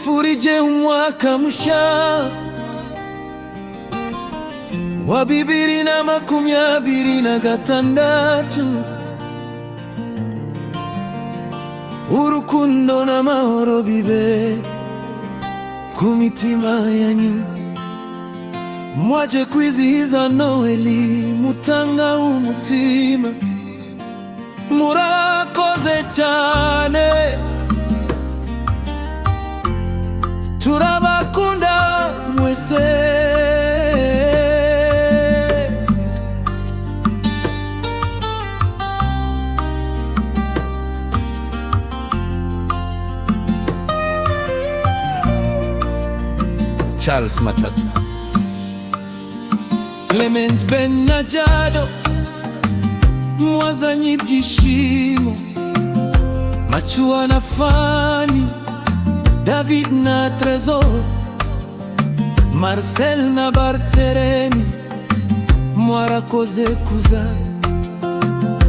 Nifurije umwaka msha wa bibiri na makumyabiri na gatandatu urukundo na mahoro bibe ku mitima yanyu mwaje kwizihiza noeli mutanga umutima murakoze cyane Charles Matata. Clement Najado mwazanyi byishimo Machua na Fani David na Trezor Marcel na Bartereni Mwarakoze kuza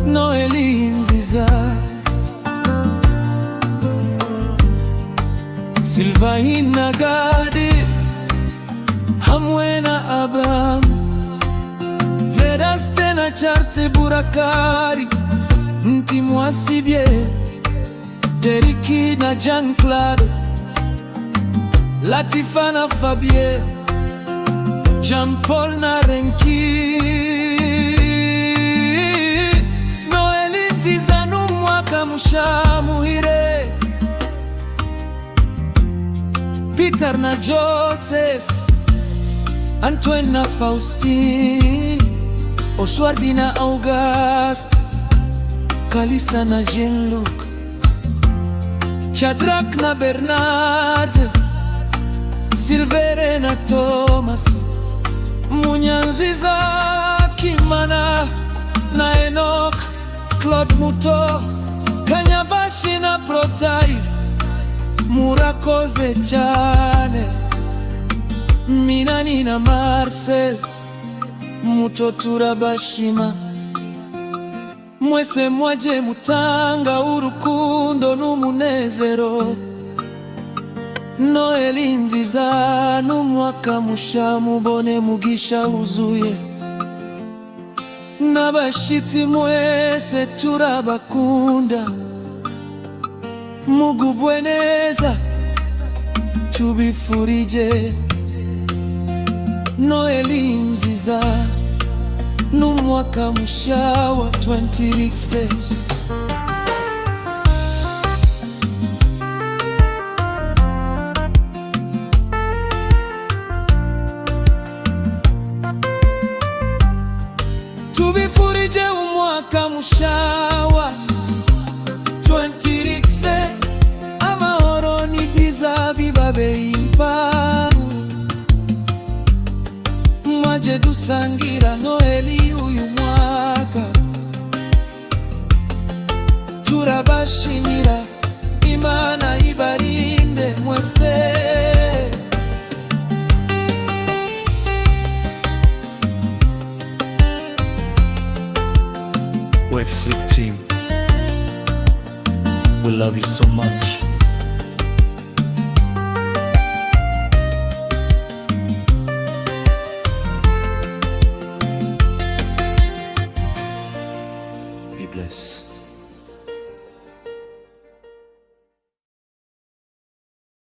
Noeli Nziza Sylvain na hamwena Abraham veraste na charte Burakari Mti Mwasibye Deriki na Jean Claude Latifa na Fabie Jean Paul na Renki Noeli Ntizanu Mwakamushamuhire Peter na Joseph Antoine na Faustine, Oswardi na Auguste, Kalisa na Jean-Luc, Chadrak na Bernard, Silvere na Thomas, Munyanziza Kimana na Enoch, Claude Muto, Kanyabashi na Protais, Murakoze Chane Mina nina Marcel mutotura bashima mwese mwaje mutanga urukundo n'umunezero noeli nziza n'umwaka musha mubone mugisha wuzuye n'abashitsi mwese turabakunda mugubwe neza tubifurije Noeli Mziza n'umwaka musha wa 2016 tubifurije umwaka mushawa 2016 amahoro nibyiza bibabe impa twanje dusangira noheli uyu mwaka turabashimira imana ibarinde mwese Wave Sleep We love you so much Bliss.